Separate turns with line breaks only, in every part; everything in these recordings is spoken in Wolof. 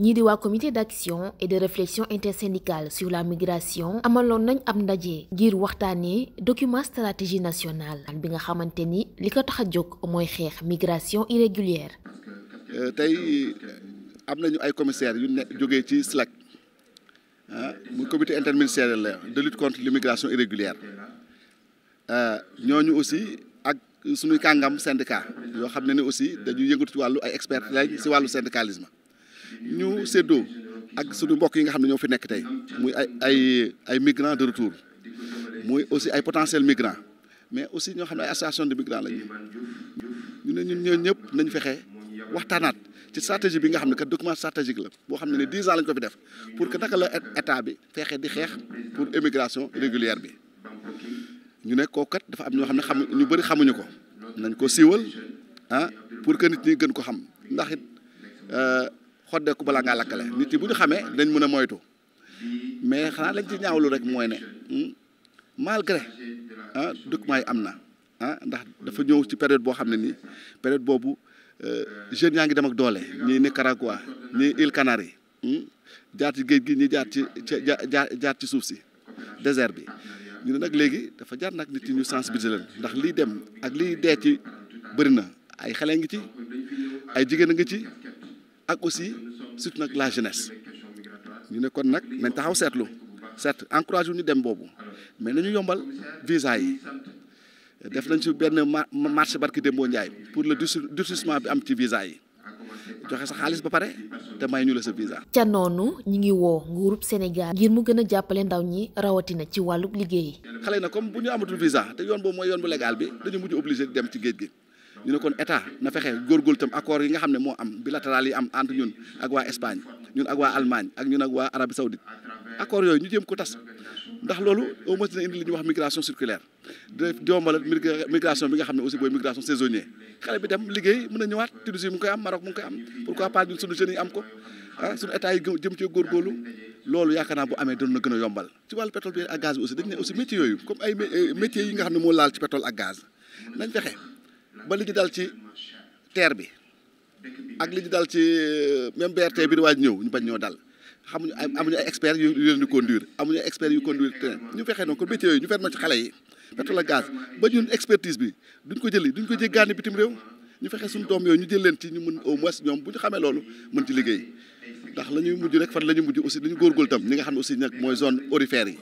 ñii di waa comité d'action et de réflexion intersyndicale sur la migration amaloon nañ ab ndaje ngir waxtaanee document stratégie nationale bi nga xamante ni li ko tax a jóg mooy xeex migration irrégulière
euh, tey am nañu ay commissaires yu ne jógee ci SLAC ah muy comité interministériel de lutte contre l'immigration irrégulière euh, ñooñu aussi suñuy kàngam syndicat yoo xam ne ni aussi dañuy yëngatu ci wàllu ay experts lañ si wàllu syndicalisme ñu seddoo ak suñu mbokk yi nga xam ne ñoo fi nekk tey muy ay ay ay migrants de retour muy aussi ay potentiels migrants mais aussi ñoo xam ne ay association de migrants lañu ñu ne ñun ñëpp nañ fexe waxtaanaat ci stratégie bi nga xam ne kat document stratégique la boo xam ne ne dix ans lañ ko fi def pour que naka la état bi fexe di xeex pour immigration régulière bi ñu ne kooku dafa am ñoo xam ne xam ñu bëri xamuñu ko nañ ko siiwal ah pour que nit ñi gën ko xam ndax it eh, xoddeeku balaa ngaa lakkale nit yi bu ñu xamee dañ mën a moytu mais xanaa lañ ci ñaawlu rek mooy ne hmm, malgré ah documents yi am na ah ndax dafa ñëw ci période boo xam ne ni période boobu eh, jeune yaa ngi dem ak doole ñii Nicaragua ñii Îles Canaries hmm, jaar ci géej gi ñi jaar ci jaar jaar ci suuf si désert bi. ñu ne nag léegi dafa jar nag nit ñi ñu sensibiliser leen ndax liy dem ak liy dee ci bëri na ay xale ngi ci ay jigéen a ngi ci ak aussi surtout nag la jeunesse ñu ne kon nag nañ taxaw seetlu certes encouragé wu ñu dem boobu mais nañu yombal visa yi def nañ ci benn marché barki Dembo Ndiaye pour le durcissement bi am ci visa yi. joxe sa xaalis ba pare te may ñu la sa visa.
ca noonu ñi ngi woo nguurub Sénégal ngir mu gën a jàppale ndaw ñi rawatina ci wàllub liggéey.
xale na comme bu ñu amatul visa te yoon boobu mooy yoon bu légal bi dañu mujj obligé dem ci géej gi. ñu ne kon état na fexe góorgóorlu tam accord yi nga xam ne moo am bilatéral yi am entre ñun ak waa Espagne ñun ak waa Allemagne ak ñun ak waa Arabie Saoudite accord yooyu ñu jéem ko tas ndax loolu au moins dina indi li ñuy wax migration circulaire di yombalal migration bi nga xam ne aussi booy migration saisonnier xale bi dem liggéey mën a ñëwaat Tunisie mu ngi koy am Maroc mu ngi koy am pourquoi pas suñu jeunes yi am ko ah, suñu état jëm ci góorgóorlu loolu yaakaar naa bu amee doon na gën a yombal ci wàllu pétrole bi ak gaz bi aussi dañ ne aussi métiers yooyu comme ay métiers yi nga xam ne moo laal ci pétrole li ñu dal ci terre bi ak li ñu dal ci euh, même BRT bi di waaj ñëw ñu xamuñu ay amuñu ay experts yu leen di conduire amuñu ay experts yu conduire train ñu fexee noonu kon métiers yooyu ñu fexe ma xale yi pétrole ak gaz ba ñun expertise bi duñ ko jëli duñ ko jéggaani bitim réew ñu fexe suñu doom yooyu ñu jël leen ci ñu mën au moins ñoom bu ñu xamee loolu mën ci liggéey ndax la ñuy mujj rek fan la ñuy mujj aussi la ñu góorgóorlu tam ñi nga xam ne aussi nag mooy zone aurifère yi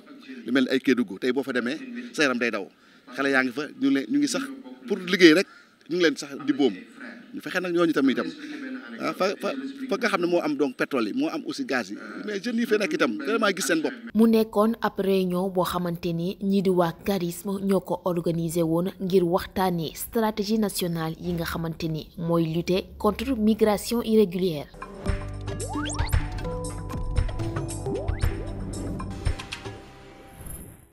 lu mel ni ay Kédougou tey boo fa demee sa yaram day daw xale yaa ngi fa ñu leen ñu ngi sax pour liggéey rek ñu ngi leen sax di boom ñu fexe nag ñooñu tam ah fa fa fa nga xam ne moo am donc pétrole yi moo am aussi gaz yi mais jeunes yi fee nekk itam vraiment gis seen bopp. mu nekkoon
ab réunion boo xamante ni ñii di waa charisme ñoo ko organisé woon ngir waxtaanee stratégie nationale yi nga xamante ni mooy lutter contre migration irrégulière.